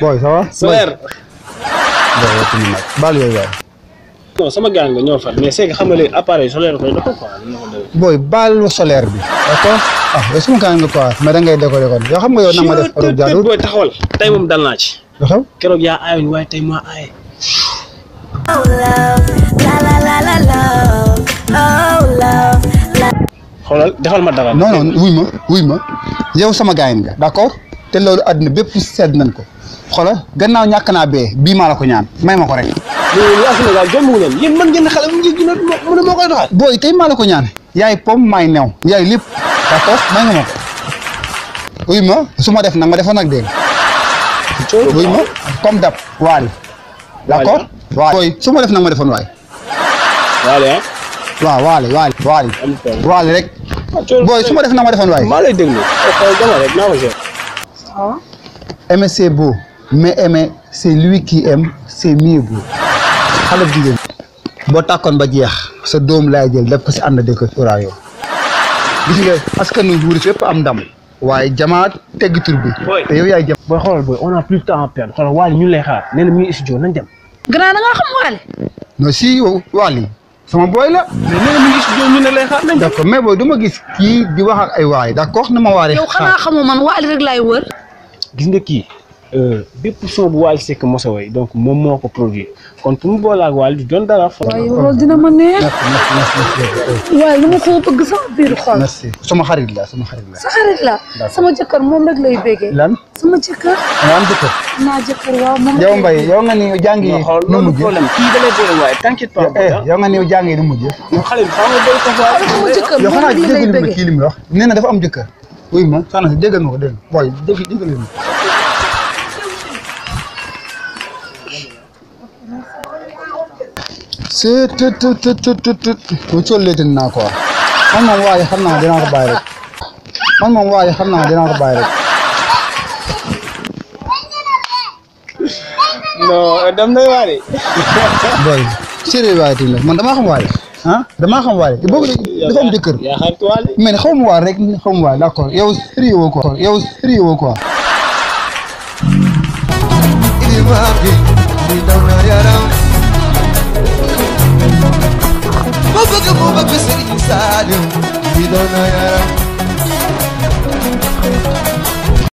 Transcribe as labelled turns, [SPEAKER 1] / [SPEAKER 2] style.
[SPEAKER 1] booy ça va. Sower. baal yooyu ñoo far mais c'est que xam nga léegi appareil solaire koy doxal quoi. booy baal solaire bi. yow sama gang quoi mais da ngay décorer kon yoo xam nga yow na ma def. keroog booy taxawal tey moom dal naa keroog yaa aayoon waaye tey maa aaye. Oh, xoolal defal ma dara. non non wuy ma wuy yow sama gaay nga d'accord te loolu àddina bépp sedd nañ ko xoolal gannaaw ñàkk naa bee bii maa ko ñaan may ma ko rek. loolu asalaamaaleykum booy tey maa ko ñaan. yaay pom maay new. yaay lépp d'accord may nga ma ko. wuy ma su ma def nag ma defoon nag dégg wuy ma comme dab waali. d'accord ah. waali booy su ma def nag ma defoon waay. waale ah. waaw rek. Boy, suma def na ma defoon waaye. maa lay déglu xool dama rek naa ko jël. waaw. aimer c'est beau mais aimer c'est lui qui aime c'est mieux beau. xale bu jigéen. boo tàkkoon ba jeex sa doom laay jël def ko si ànd de ko curaa yow. gis nga askan wi wuuri fépp am ndam. waaye jamaa tegg tur bi. te yow yaay jëm. booy xoolal booy on a plus de temps à perdre xoolal Wally ñu lay xaar nee na mu ngi studio nañ dem. gannaaw da ngaa xam Wally. non si Wally. sama booy la. mais nee mu gis lay xaar nañ. d' accord mais booy du ma gis kii di wax ak ay waaye d' accord na ma waaree. xaar yow xanaa xamoo man waali rek laay wër. gis nga kii. Euh, bépp son bu Wally Seck mos a way donc moom moo ko produit kon pour mu boole ak Wally du doon dara. waaye loolu dina ma neex. waaye lu ma ko bëgg sama biir xol. merci sama xarit la sama xarit la. sa xarit la sama jëkkër moom rek lay béggee. lan sama jëkkër. nga am jëkkër. naa jëkkër waaw moom. yow Mbaye yow nga ni jàng yi. nu mujj kii da lay boole waaye t'inquiète pas. Eh, yow nga ni jàng yi nu mujj. xale bi xam nga béy ko waaye. sama jëkkër moom lii lay béggee yow xanaa dégg nga kii li mu wax nee na dafa am jëkkër. wuy ma soxna si déggal nga ko dégg nga waaye dégg déggal nga ci tut tut tut tut bu colleeti naa ko man moom waaye xam naa dinaa ko bàyyi rek man moom waaye xam naa dinaa ko bàyyi rek non dam nay waare waaye damaa xam waare ah damaa xam waare boobu dafa am jëkkër mais rek xaw ma yow sérieux woo quoi yow sérieux woo quoi Dona Yara.